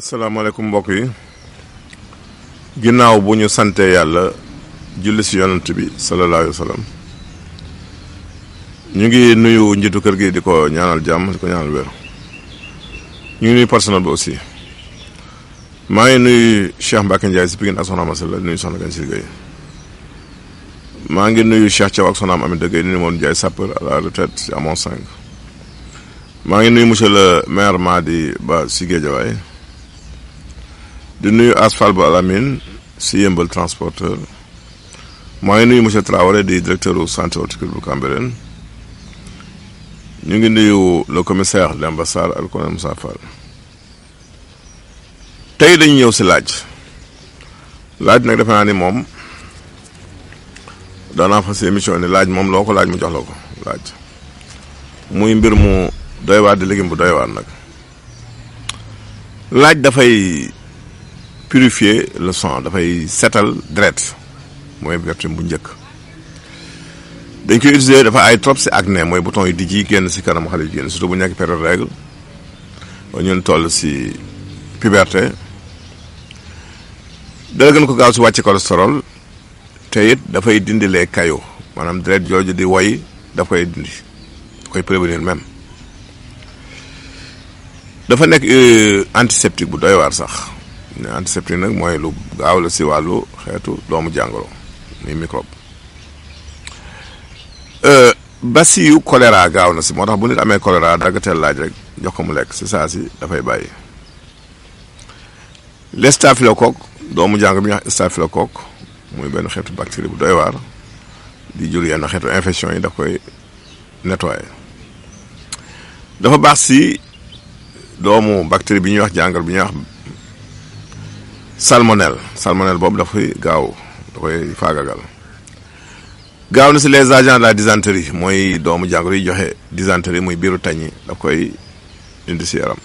assalamualaikum mbokk yi ginnaaw bu ñu sante yàlla julli si yonant bi sallallahu alayhi wa sallam ñu ngi nuyu njitu kër gi di ko ñaanal jàmm di ko ñaanal wér ñu ngi nuyu personnel bi aussi maa ngi nuyu cheikh mbacke ndiaye si pigin ak soxna masala nuyu soxna gan si gëy maa ngi nuyu cheikh thiaw ak soxna am amit dëggay nuyu moon ndiaye sapeur à la retraite amon 5 maa ngi nuyu monsieur le maire madi ba si géejawaay di nuyu Asphal bu Alamine si yëmbal transporteur maa ngi nuyu monsieur Traoré di directeur au centre horticole bu Cambérène ñu ngi nuyu le commissaire de l'ambassade ak colonel tey dañu ñëw si laaj laaj nag defe naa ni moom daanaa fa si émission ni laaj moom loo ko laaj mu jox la ko laaj muy mbir mu doy di légume bu doy nag laaj dafay purifier le sang dafay setal deret mooy vertu bu njëkk dañ koy utiliser dafa ay trop si acné moy bouton yu dijji génn ci kanam xale jigéen surtout bu nekk période règle ñun toll ci puberté dala gën ko gaaw si wàcce cholestérol te it dafay dindi les kayo manam dret jooju di woy da fay dindi koy prévenir même dafa euh antiseptique bu doy war sax antiseptique nag mooy lu gaaw la si wàllu xeetu doomu jàngoro muy microbe euh, basi yu choléra gaaw na si moo tax bu nit amee choléra daggateel laaj rek jox ko mu lekk si saa si dafay bàyyi les staphylocoque doomu jàng bi ñuy wax staphylocoque muy benn xeetu bactérie bu doy waar di jur yenn xeetu infection yi daf koy nettoyer dafa baax si doomu bactérie bi ñuy wax jàngal bi ñuy wax salmonelle salmonelle boobu dafay gaaw da dafay faagagal gaaw na si les agents de la dysenterie mooy doomu jàngoro yi joxe dysenterie mooy biiru tañi daf koy indi si yaram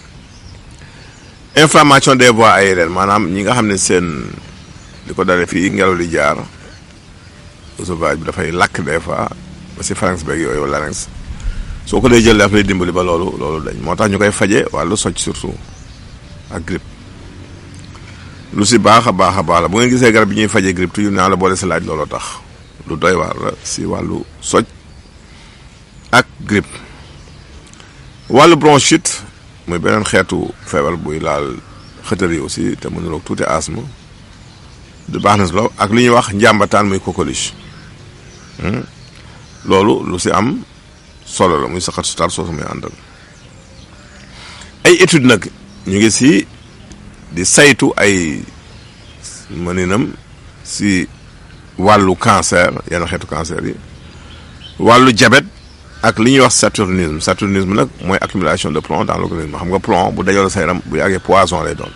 information des voies aériennes maanaam ñi nga xam ne seen li ko dale fii ngelaw li jaar oesophage bi dafay lakk des fois ba si pharynx beeg yooyu larynx soo ko dee jël daf dimbali ba loolu loolu dañ moo tax ñu koy faje wàllu socc surtout ak grippe lu si baax a baax a baax la bu ngeen gisee garab bi ñuy fajee grippe toujours naa la boole sa laaj looloo tax lu doy waar la si wàllu soj ak grippe wàllu bronchite muy beneen xeetu feebar buy laal xëtër yi aussi te mënuloog tuuti asthme du baax na si lool ak li ñuy wax njàmbataan muy coqueluche hmm? loolu lu si am solo la muy saxat su tar soosu muy àndal ay étude nag ñu ngi si di saytu ay maninam si wàllu cancer yenn xeetu cancer yi wàllu diabète ak li ñuy wax saturnisme saturnisme nag mooy accumulation de plomb dans l'organisme xam nga plomb bu dajoo sa yaram bu yàggee poison lay doon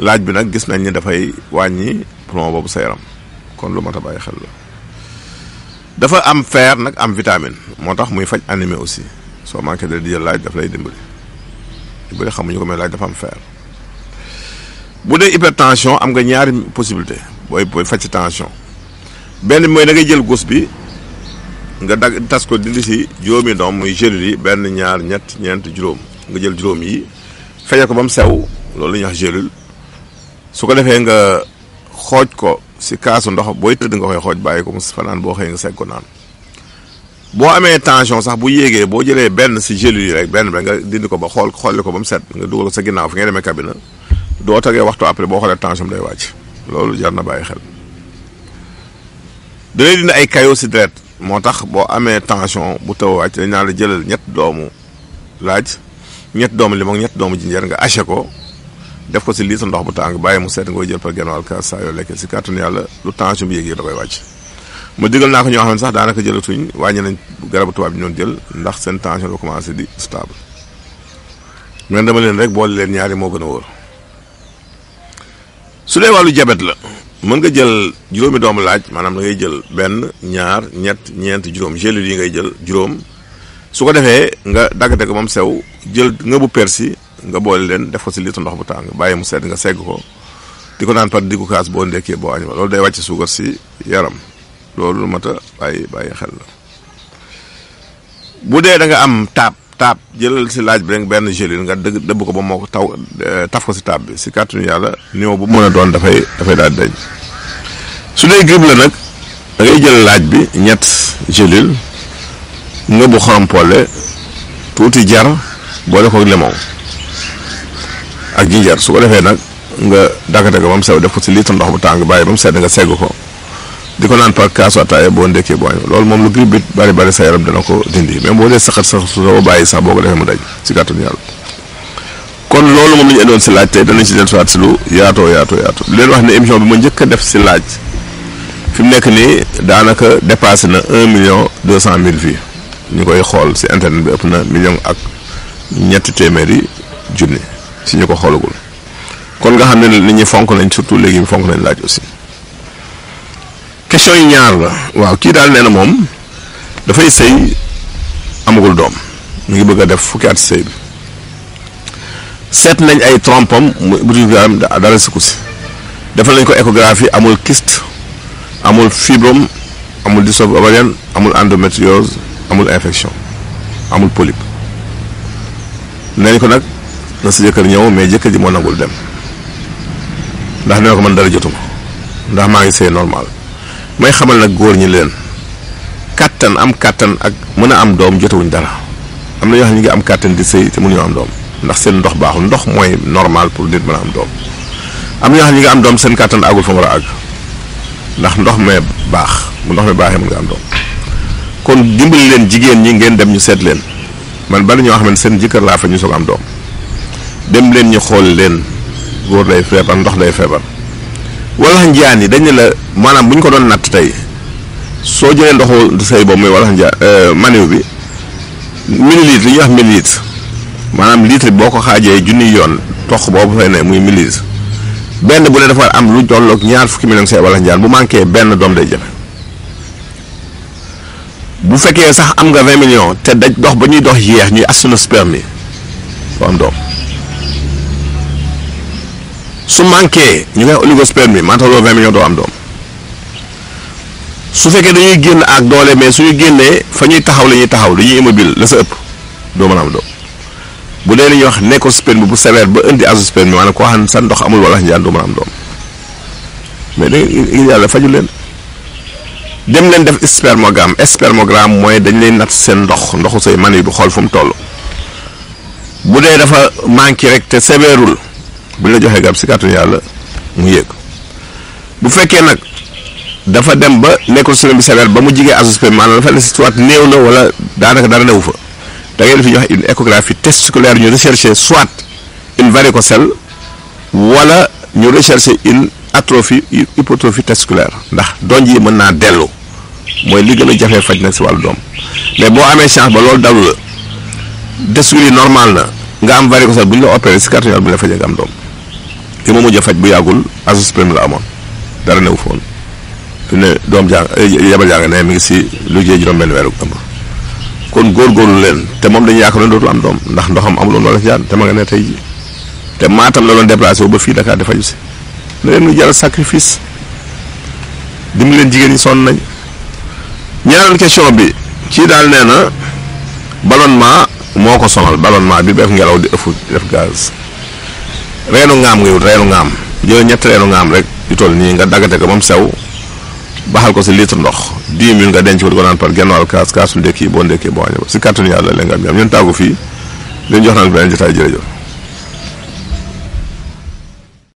laaj bi nag gis nañ ni dafay wàññi plomb boobu sa yaram kon lu mat a bàyyi xel la dafa am fer nag am vitamine moo tax muy faj anime aussi soo manqué de di laaj daf lay dimbali dimbali xamuñu ko mais laaj dafa am fer bu dee hypertension am nga ñaari possibilité booy booy faj tension benn mooy da ngay jël gos bi nga dag tas ko dindi si juróom juróomi doom mooy gélule yi benn ñaar ñett ñeent juróom nga jël juróom yi feje ko ba mu sew loolu la ñuy wax gélule su ko defee nga xooj ko si kaasu ndox booy tëdd nga koy xooj bàyyi ko mu fanaan boo xëyee nga segg ko boo amee tension sax bu yéegee boo jëlee benn si gélule yi rek benn bi nga dindi ko ba xool xoolli ko ba set nga dugal ko sa ginnaaw fi ngay demee cabine doo tegee waxtu après boo xoolee tension day wàcc loolu jar na bàyyi xel dina dina ay caillots ci deret moo tax boo amee tension bu taw wàcc dañ naa la jëlal ñett doomu laaj ñett doomu limon ñett doomu jinjeer nga haché ko def ko ci litre ndox bu tàng bàyyi mu seet nga koy jël par genn wàll kaas saa yoo lekkee ci kàttan yàlla lu tension bi yéeg yi da koy wàcc ma digal naa ko ñoo xam ne sax daanaka jëlatuñ wàññi nañ garabu tubaab yi ñoon jël ndax seen tension commencé di stable mais dama leen rek boole leen ñaari moo gën su dee wàllu jabet la mën nga jël juróomi doomu laaj maanaam da ngay jël benn ñaar ñett ñeent juróom gélule yi ngay jël juróom su ko defee nga daggate ko moom sew jël nga bu persi nga boole leen def ko si litre ndox bu tàng bàyyi mu sedd nga segg ko di ko naan par diggu kaas boo ndekkee boo añ loolu day wàcc suukar si yaram loolu lu mat a bàyyi bàyyi xel la bu dee da am taab taab jëlal si laaj bi rek benn géline nga dëgg dëbb ko ba moo ko taw euh, taf ko si taab bi si kàttanu yàlla néew bu mën a doon dafay dafay daal dañ su dee grippe la nag da jël laaj bi ñett géline nga bu xampoole tuuti jar boole ko lemon ak jinjar su ko defee nag nga dakkate ko ba mu sew def ko si litre ndox tàng bàyyi ba sedd nga segg ko di ko naan par kaasu ataaya boo ndekkee boo añ loolu moom lu grippe bi bari bari sa yaram dana ko dindi même boo dee saxat sax soo bàyyi sax boo ko defee mu daj si kàttanu yàlla kon loolu moom la ñu indoon si laaj tey danañ si dellusiwaat si lu yaatoo yaatoo yaatoo leen wax ne émission bi ma njëkk def si laaj fi mu nekk nii daanaka dépassé na un million deux cent mille vues ñu koy xool si internet bi ëpp na million ak ñetti téeméeri junni si ñu ko xoolagul kon nga xam ne nit ñi fonk nañ surtout léegi fonk nañ laaj aussi. question yi ñaar la waaw ki daal neena na moom dafay sëy amagul doom mu ngi bëgg a def fukki at sëy bi seet nañ ay trompam mu butugaam dara sukku kusi defal nañ ko échographie amul kyste amul fibrom amul disob ovarienne amul endométriose amul infection amul polype nañ ko nag na sa jëkkër ñëw mais jëkkër ji moo nangul dem ndax ne ko man dara jotuma ndax maa ngi sëy normal mooy xamal nag góor ñi leen kàttan am kàttan ak mën a am doom jotewuñ dara am na ñoo xam ne ñu ngi am kàttan di sëy te mënuñoo am doom ndax seen ndox baaxul ndox mooy normal pour nit mën a am doom am na ñoo xam ne ñu ngi am doom seen kàttan àggul fa mu war ndax ndox mee baax bu ndox mee baaxee mën nga am doom kon dimbali leen jigéen ñi ngeen dem ñu seet leen man bari ñoo xam ne seen jëkkër laa fa ñu soog am doom dem leen ñu xool leen góor day feebar ndox day feebar walax njaan yi dañ ne la maanaam bu ñu ko doon natt tey soo jëlee ndoxu say boobu muy walax njaan euh, maniw bi millilitre li ñuy wax millilitre maanaam litre boo ko xaajee junni yoon toq boobu fay ne muy millilitre benn bu ne dafa am lu tolloog ñaar fukki million say walax bu manqué benn doom day jafe bu fekkee sax am nga vingt millions te daj dox ba ñuy dox yéex ñuy astinospermie soo am doom su manqué ñu ngay oligospermie maanaam loolu vingt millions doo am doom su fekkee dañuy génn ak doole mais suñu génnee fa ñuy taxaw la ñuy taxaw dañuy immobile la sa ëpp doo mën am doom bu dee li ñuy wax nécrospermie bu sévère ba indi azoospermie maanaam koo xam ne sa ndox amul wala am doom mais dañuy yàlla fajul leen dem leen def spermogramme spermogramme mooy dañ leen natt seen ndox ndoxu say man yi bu xool fu mu toll bu dee dafa manqué rek te sévèrul bu la joxee garab si kàttu yàlla mu yéeg bu fekkee nag dafa dem ba nekkul sëriñ bi sévère ba mu jigee azospé maanaam dafa des soit néew na wala daanaka dara newu fa da ngay def ñu wax une échographie testiculaire ñu rechercher soit une varicocèle wala ñu rechercher une atrophie hypotrophie testiculaire ndax donj yi mën naa dellu mooy li gën a jafee faj nag si wàllu doom mais boo amee chance ba loolu dalu la testicule yi na am varicocèle bu ñu la opéré si kàttu yàlla la fajee nga am doom. ki ma mujj faj bu yàggul asus prime la amoon dara newu foon fi ne doom jàng jabar jàng ne mi ngi si lu jee juróom-benn weeru ëmb kon góorgóorlu leen te moom dañu yaakaar ne dootul am doom ndax ndoxam amuloon wala jaan te ma nga ne te maatam la doon déplacé wu ba fii Dakar di faju si ne leen muy jaral sacrifice dimbali leen jigéen ñi sonn nañ ñaareel question bi ci daal nee na ballonnement moo ko sonal ballonnement bi def ngelaw di ëff def gaz reenu ŋaam ngay wut reenu ŋaam jël ñetti reenu ŋaam rek yu toll nii nga daggate ko ba mu sew baxal ko si litre ndox 10 nga denc ko di ko naan par genn wàll kaas kaasul ndékki boo ndékki boo año si kàttanu yàlla léegi nga am ñun tàggu fii dañ jox naan beneen jotaay jërëjëf